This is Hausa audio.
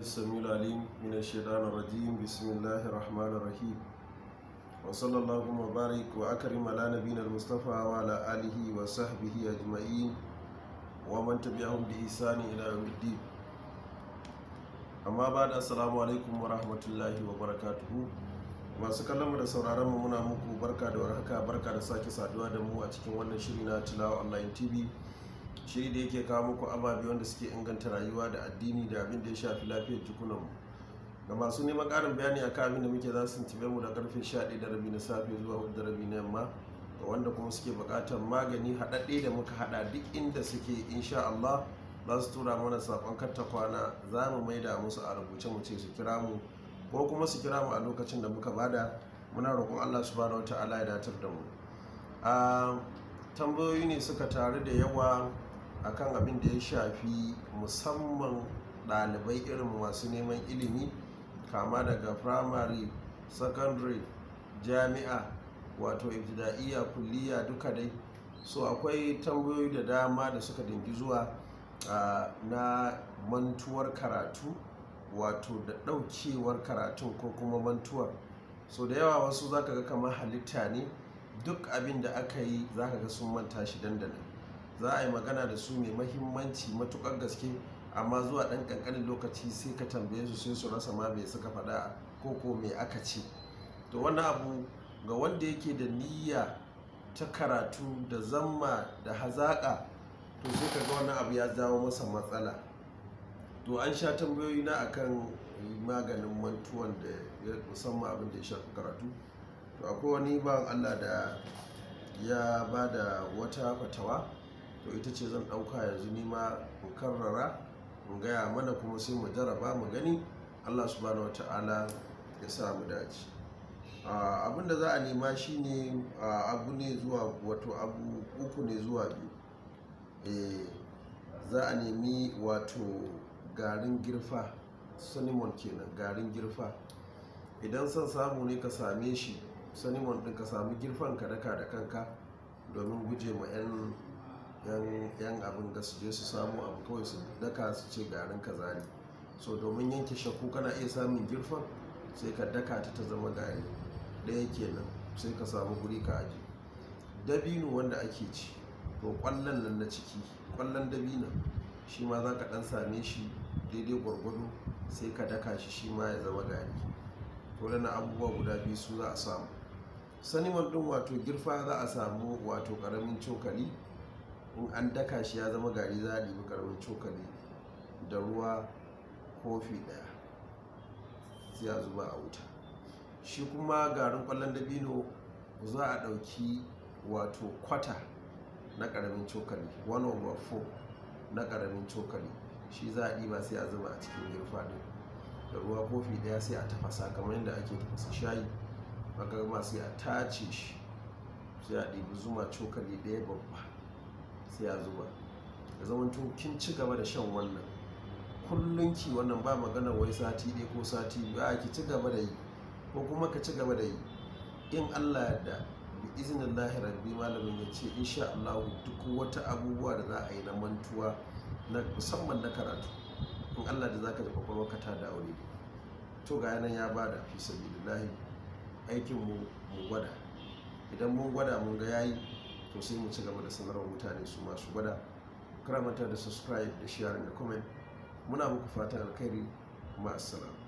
السميع العليم من الشيطان الرجيم بسم الله الرحمن الرحيم وصلى الله وبارك وأكرم على نبينا المصطفى وعلى آله amma ba da assalamu alaikum wa masu kallon da sauraron mu muna muku barka da warhaka barka da sake saduwa da mu a cikin wannan shiri na tilawa online tv shaida da yake kawo muku ababe wanda suke inganta rayuwa da addini da abin da ya shafi lafiyar jikunanmu ga masu neman ƙarin bayani a abin da muke za su mu da karfe 11 na safe zuwa 4 da rabi na yamma ga wanda kuma suke buƙatar magani haɗaɗɗe da muka haɗa duk inda suke insha Allah za su tura mana saƙon karta kwana za mu maida musu a rubuce mu ce su kira mu ko kuma su kira mu a lokacin da muka bada muna roƙon Allah subhanahu wataala ya datar da mu ah, tambayoyi ne suka taru da yawa akan abin da ya shafi musamman ɗalibai irin masu neman ilimi kama daga primary secondary jami'a wato ibtida'iyya kulliya duka dai so akwai tambayoyi da dama da suka dingi zuwa na mantuwar karatu wato da ɗaukewar karatun ko kuma mantuwar so da yawa wasu za ka ga kamar halitta ne duk abin da aka yi za ka ga sun manta shi dandana. za a yi magana da su mai mahimmanci matukar gaske amma zuwa ɗan ƙanƙanin lokaci sai ka tambaye su sai su rasa ma mai suka faɗa ko ko mai aka ce to wani abu ga wanda yake da niyya ta karatu da zamma da hazaƙa to sai ka ga wannan abu ya jawo masa matsala to an sha tambayoyi na akan maganin mantuwan da ya musamman abin da ya shafi karatu to akwai wani ban allah da ya ba da wata fatawa to ita ce zan ɗauka yanzu nima in karrara in gaya mana kuma sai mu jaraba mu gani allah subhanahu wa ta'ala ya sa mu dace abin da za a nema shine abu ne zuwa wato abu uku ne zuwa biyu eh, za a nemi wato garin girfa sanimon kenan garin girfa idan son samu ne ka same shi sanimon din ka sami girfan ka daka da kanka domin guje ma 'yan yan abin da su je su samu abu kawai su daka su ce garin kazari so domin yanke shakku kana iya samun girfan sai ka daka ta ta zama gari ɗaya kenan sai ka samu guri ka aji dabino wanda ake ci to kwallon nan na ciki kwallon dabino shi ma za ka ɗan same shi daidai gwargwado sai ka daka shi shi ma ya zama gari to na abubuwa guda biyu su za a samu saniman ɗin wato girfa za a samu wato ƙaramin cokali in an daka shi ya zama gari za a ɗibi karamin cokali da ruwa kofi ɗaya sai a zuba a wuta shi kuma garin kwallon dabino za a ɗauki wato kwata na ƙaramin cokali 1 over 4 na ƙaramin cokali shi za a ɗiba sai a zuba a cikin girfa ɗin da ruwa kofi ɗaya sai a tafasa kamar yadda ake tafasa shayi baka sai a tace shi sai a ɗibi zuma cokali ɗaya babba sai ya zuba da zamanto kin ci gaba da shan wannan kullum ki wannan ba magana wai sati ɗaya ko sati biyu a ki ci gaba da yi ko kuma ka ci gaba da yi in allah da bi izinin lahi rabbi malamin ya ce insha allah duk wata abubuwa da za a yi na mantuwa na musamman na karatu in allah da za ka ji kwakwalwa ka ta da aure to ga yanan ya da fi sabi da lahi aikin mu gwada idan mun gwada mun ga yayi to sai mu ci gaba da sanarwar mutane su masu gwada karamanta da subscribe da sharing da comment muna muku fatan alkhairi ma'assalam